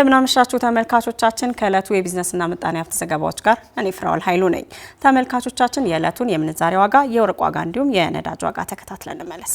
እንደምናመሻችሁ ተመልካቾቻችን፣ ከእለቱ የቢዝነስና ምጣኔ ሀብት ዘገባዎች ጋር እኔ ፍራውል ኃይሉ ነኝ። ተመልካቾቻችን፣ የእለቱን የምንዛሬ ዋጋ፣ የወርቅ ዋጋ እንዲሁም የነዳጅ ዋጋ ተከታትለን እንመለስ።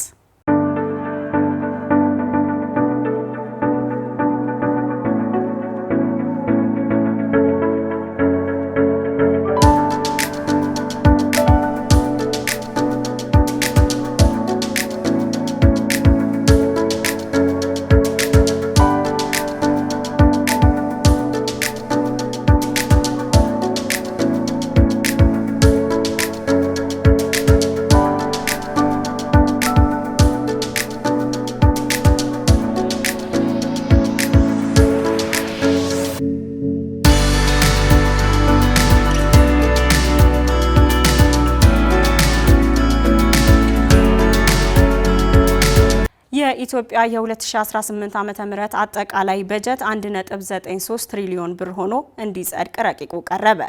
የኢትዮጵያ የ2018 ም አጠቃላይ በጀት 1.93 ትሪሊዮን ብር ሆኖ እንዲጸድቅ ረቂቁ ቀረበ።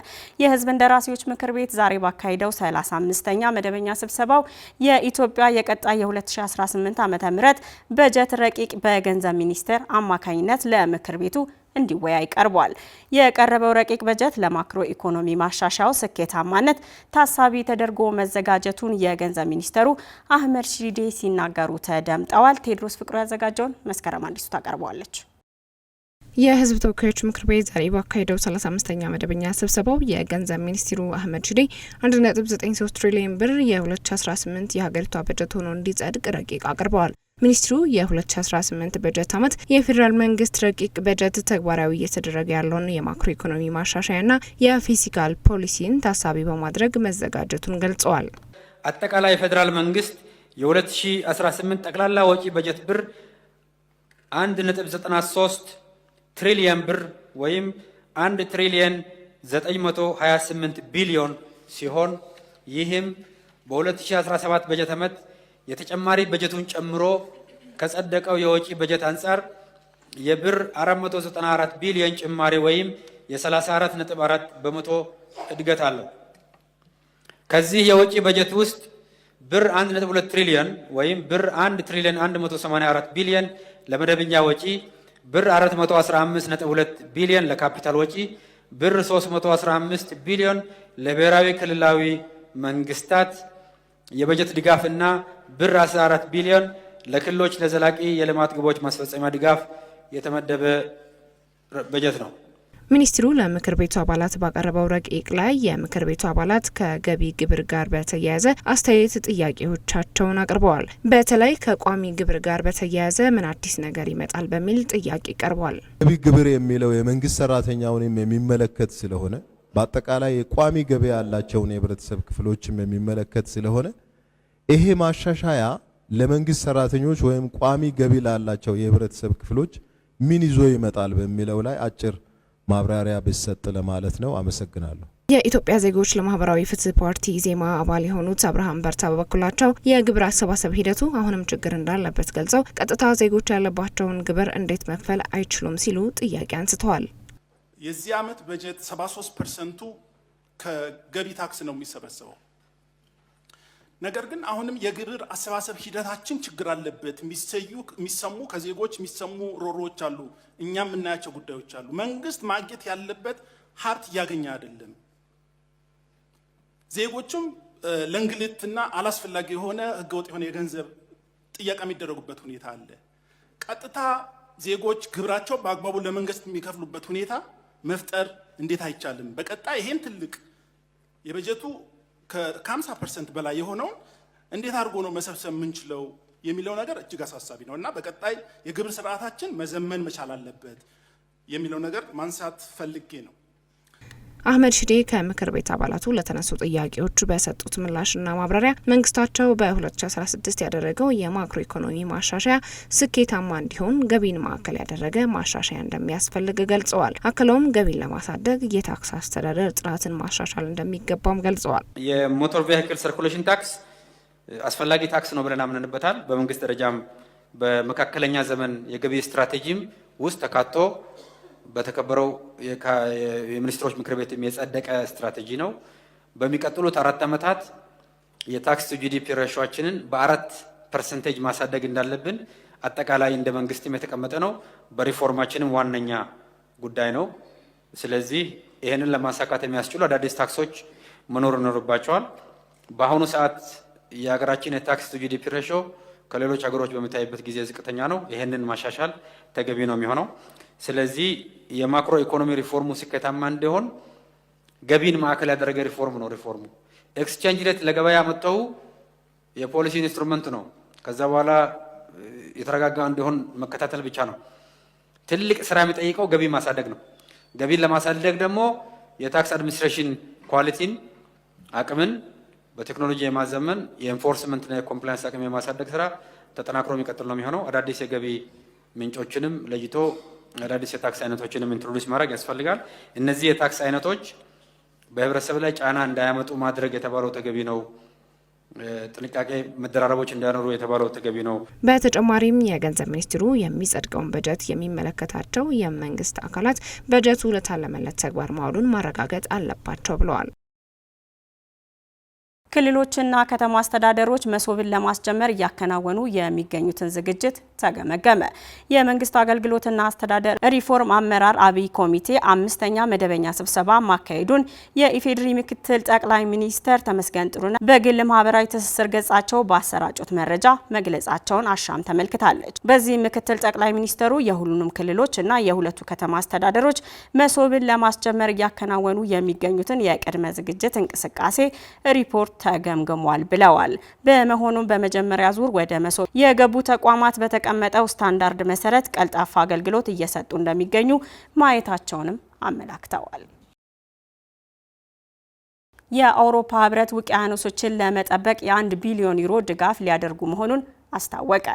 የህዝብ እንደራሴዎች ምክር ቤት ዛሬ ባካሄደው 35ኛ መደበኛ ስብሰባው የኢትዮጵያ የቀጣይ የ2018 ም በጀት ረቂቅ በገንዘብ ሚኒስቴር አማካኝነት ለምክር ቤቱ እንዲወያይ ቀርቧል። የቀረበው ረቂቅ በጀት ለማክሮ ኢኮኖሚ ማሻሻያው ስኬታማነት ታሳቢ ተደርጎ መዘጋጀቱን የገንዘብ ሚኒስተሩ አህመድ ሽዴ ሲናገሩ ተደምጠዋል። ቴድሮስ ፍቅሩ ያዘጋጀውን መስከረም አዲሱ ታቀርበዋለች። የህዝብ ተወካዮች ምክር ቤት ዛሬ ባካሄደው 35ኛ መደበኛ ስብሰባው የገንዘብ ሚኒስትሩ አህመድ ሽዴ 1.93 ትሪሊዮን ብር የ2018 የሀገሪቷ በጀት ሆኖ እንዲጸድቅ ረቂቅ አቅርበዋል። ሚኒስትሩ የ2018 በጀት ዓመት የፌዴራል መንግስት ረቂቅ በጀት ተግባራዊ እየተደረገ ያለውን የማክሮ ኢኮኖሚ ማሻሻያና የፊስካል ፖሊሲን ታሳቢ በማድረግ መዘጋጀቱን ገልጸዋል። አጠቃላይ የፌዴራል መንግስት የ2018 ጠቅላላ ወጪ በጀት ብር 1.93 ትሪሊየን ብር ወይም 1 ትሪሊየን 928 ቢሊዮን ሲሆን ይህም በ2017 በጀት ዓመት የተጨማሪ በጀቱን ጨምሮ ከጸደቀው የወጪ በጀት አንጻር የብር 494 ቢሊዮን ጭማሪ ወይም የ34.4 በመቶ እድገት አለው። ከዚህ የወጪ በጀት ውስጥ ብር 1.2 ትሪሊዮን ወይም ብር 1 ትሪሊዮን 184 ቢሊዮን ለመደበኛ ወጪ፣ ብር 415.2 ቢሊዮን ለካፒታል ወጪ፣ ብር 315 ቢሊዮን ለብሔራዊ ክልላዊ መንግስታት የበጀት ድጋፍ እና ብር 14 ቢሊዮን ለክልሎች ለዘላቂ የልማት ግቦች ማስፈጸሚያ ድጋፍ የተመደበ በጀት ነው። ሚኒስትሩ ለምክር ቤቱ አባላት ባቀረበው ረቂቅ ላይ የምክር ቤቱ አባላት ከገቢ ግብር ጋር በተያያዘ አስተያየት ጥያቄዎቻቸውን አቅርበዋል። በተለይ ከቋሚ ግብር ጋር በተያያዘ ምን አዲስ ነገር ይመጣል በሚል ጥያቄ ቀርቧል። ገቢ ግብር የሚለው የመንግስት ሰራተኛውንም የሚመለከት ስለሆነ በአጠቃላይ የቋሚ ገበያ ያላቸውን የህብረተሰብ ክፍሎችም የሚመለከት ስለሆነ ይሄ ማሻሻያ ለመንግስት ሰራተኞች ወይም ቋሚ ገቢ ላላቸው የህብረተሰብ ክፍሎች ምን ይዞ ይመጣል በሚለው ላይ አጭር ማብራሪያ ቢሰጥ ለማለት ነው። አመሰግናለሁ። የኢትዮጵያ ዜጎች ለማህበራዊ ፍትህ ፓርቲ ዜማ አባል የሆኑት አብርሃም በርታ በበኩላቸው የግብር አሰባሰብ ሂደቱ አሁንም ችግር እንዳለበት ገልጸው ቀጥታ ዜጎች ያለባቸውን ግብር እንዴት መክፈል አይችሉም ሲሉ ጥያቄ አንስተዋል። የዚህ ዓመት በጀት 73 ፐርሰንቱ ከገቢ ታክስ ነው የሚሰበሰበው። ነገር ግን አሁንም የግብር አሰባሰብ ሂደታችን ችግር አለበት የሚሰሙ ከዜጎች የሚሰሙ ሮሮዎች አሉ፣ እኛም የምናያቸው ጉዳዮች አሉ። መንግስት ማግኘት ያለበት ሀብት እያገኘ አይደለም። ዜጎቹም ለእንግልትና አላስፈላጊ የሆነ ህገወጥ የሆነ የገንዘብ ጥያቄ የሚደረጉበት ሁኔታ አለ። ቀጥታ ዜጎች ግብራቸው በአግባቡ ለመንግስት የሚከፍሉበት ሁኔታ መፍጠር እንዴት አይቻልም? በቀጣይ ይሄን ትልቅ የበጀቱ ከ50 ፐርሰንት በላይ የሆነውን እንዴት አድርጎ ነው መሰብሰብ የምንችለው የሚለው ነገር እጅግ አሳሳቢ ነው እና በቀጣይ የግብር ስርዓታችን መዘመን መቻል አለበት የሚለው ነገር ማንሳት ፈልጌ ነው። አህመድ ሽዴ ከምክር ቤት አባላቱ ለተነሱ ጥያቄዎች በሰጡት ምላሽና ማብራሪያ መንግስታቸው በ2016 ያደረገው የማክሮ ኢኮኖሚ ማሻሻያ ስኬታማ እንዲሆን ገቢን ማዕከል ያደረገ ማሻሻያ እንደሚያስፈልግ ገልጸዋል። አክለውም ገቢን ለማሳደግ የታክስ አስተዳደር ጥራትን ማሻሻል እንደሚገባም ገልጸዋል። የሞተር ቬሂክል ሰርኩሌሽን ታክስ አስፈላጊ ታክስ ነው ብለን አምነንበታል። በመንግስት ደረጃም በመካከለኛ ዘመን የገቢ ስትራቴጂም ውስጥ ተካቶ በተከበረው የሚኒስትሮች ምክር ቤት የጸደቀ ስትራቴጂ ነው። በሚቀጥሉት አራት ዓመታት የታክስ ጂዲፒ ረሻችንን በአራት ፐርሰንቴጅ ማሳደግ እንዳለብን አጠቃላይ እንደ መንግስትም የተቀመጠ ነው። በሪፎርማችንም ዋነኛ ጉዳይ ነው። ስለዚህ ይህንን ለማሳካት የሚያስችሉ አዳዲስ ታክሶች መኖር ይኖርባቸዋል። በአሁኑ ሰዓት የሀገራችን የታክስ ቱ ጂዲፒ ሬሾ ከሌሎች ሀገሮች በሚታይበት ጊዜ ዝቅተኛ ነው። ይህንን ማሻሻል ተገቢ ነው የሚሆነው። ስለዚህ የማክሮ ኢኮኖሚ ሪፎርሙ ስኬታማ እንዲሆን ገቢን ማዕከል ያደረገ ሪፎርም ነው። ሪፎርሙ ኤክስቼንጅ ሬት ለገበያ መተው የፖሊሲ ኢንስትሩመንት ነው። ከዛ በኋላ የተረጋጋ እንዲሆን መከታተል ብቻ ነው። ትልቅ ስራ የሚጠይቀው ገቢ ማሳደግ ነው። ገቢን ለማሳደግ ደግሞ የታክስ አድሚኒስትሬሽን ኳሊቲን አቅምን በቴክኖሎጂ የማዘመን የኢንፎርስመንትና የኮምፕላንስ አቅም የማሳደግ ስራ ተጠናክሮ የሚቀጥል ነው የሚሆነው። አዳዲስ የገቢ ምንጮችንም ለይቶ አዳዲስ የታክስ አይነቶችንም ኢንትሮዱስ ማድረግ ያስፈልጋል። እነዚህ የታክስ አይነቶች በህብረተሰብ ላይ ጫና እንዳያመጡ ማድረግ የተባለው ተገቢ ነው። ጥንቃቄ መደራረቦች እንዳይኖሩ የተባለው ተገቢ ነው። በተጨማሪም የገንዘብ ሚኒስትሩ የሚጸድቀውን በጀት የሚመለከታቸው የመንግስት አካላት በጀቱ ለታለመለት ተግባር ማዋሉን ማረጋገጥ አለባቸው ብለዋል። ክልሎችና ከተማ አስተዳደሮች መሶብን ለማስጀመር እያከናወኑ የሚገኙትን ዝግጅት ተገመገመ። የመንግስት አገልግሎትና አስተዳደር ሪፎርም አመራር አብይ ኮሚቴ አምስተኛ መደበኛ ስብሰባ ማካሄዱን የኢፌዴሪ ምክትል ጠቅላይ ሚኒስተር ተመስገን ጥሩነህ በግል ማህበራዊ ትስስር ገጻቸው ባሰራጩት መረጃ መግለጻቸውን አሻም ተመልክታለች። በዚህ ምክትል ጠቅላይ ሚኒስተሩ የሁሉንም ክልሎች እና የሁለቱ ከተማ አስተዳደሮች መሶብን ለማስጀመር እያከናወኑ የሚገኙትን የቅድመ ዝግጅት እንቅስቃሴ ሪፖርት ተገምግሟል ብለዋል። በመሆኑም በመጀመሪያ ዙር ወደ መሶብ የገቡ ተቋማት በተቀመጠው ስታንዳርድ መሰረት ቀልጣፋ አገልግሎት እየሰጡ እንደሚገኙ ማየታቸውንም አመላክተዋል። የአውሮፓ ህብረት ውቅያኖሶችን ለመጠበቅ የአንድ ቢሊዮን ዩሮ ድጋፍ ሊያደርጉ መሆኑን አስታወቀ።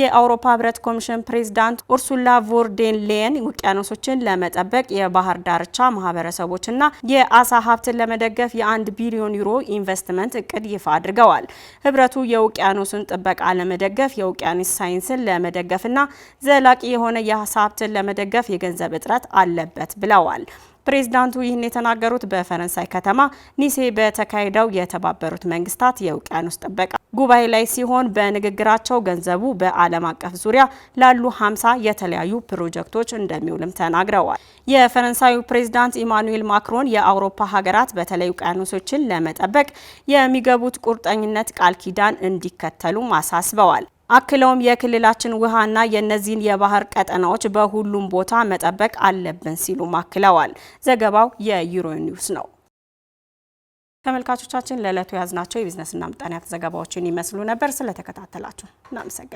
የአውሮፓ ህብረት ኮሚሽን ፕሬዚዳንት ኡርሱላ ቮርዴን ሌየን ውቅያኖሶችን ለመጠበቅ የባህር ዳርቻ ማህበረሰቦችና የአሳ ሀብትን ለመደገፍ የአንድ ቢሊዮን ዩሮ ኢንቨስትመንት እቅድ ይፋ አድርገዋል። ህብረቱ የውቅያኖሱን ጥበቃ ለመደገፍ የውቅያኖስ ሳይንስን ለመደገፍና ዘላቂ የሆነ የአሳ ሀብትን ለመደገፍ የገንዘብ እጥረት አለበት ብለዋል። ፕሬዚዳንቱ ይህን የተናገሩት በፈረንሳይ ከተማ ኒሴ በተካሄደው የተባበሩት መንግስታት የውቅያኖስ ጥበቃ ጉባኤ ላይ ሲሆን በንግግራቸው ገንዘቡ በዓለም አቀፍ ዙሪያ ላሉ ሀምሳ የተለያዩ ፕሮጀክቶች እንደሚውልም ተናግረዋል። የፈረንሳዩ ፕሬዚዳንት ኢማኑኤል ማክሮን የአውሮፓ ሀገራት በተለይ ውቅያኖሶችን ለመጠበቅ የሚገቡት ቁርጠኝነት ቃል ኪዳን እንዲከተሉም አሳስበዋል። አክለውም የክልላችን ውሃና የእነዚህን የባህር ቀጠናዎች በሁሉም ቦታ መጠበቅ አለብን ሲሉም አክለዋል። ዘገባው የዩሮ ኒውስ ነው። ተመልካቾቻችን ለዕለቱ የያዝናቸው የቢዝነስና ምጣኔ ሀብት ዘገባዎችን ይመስሉ ነበር። ስለተከታተላችሁ እናመሰግናለን።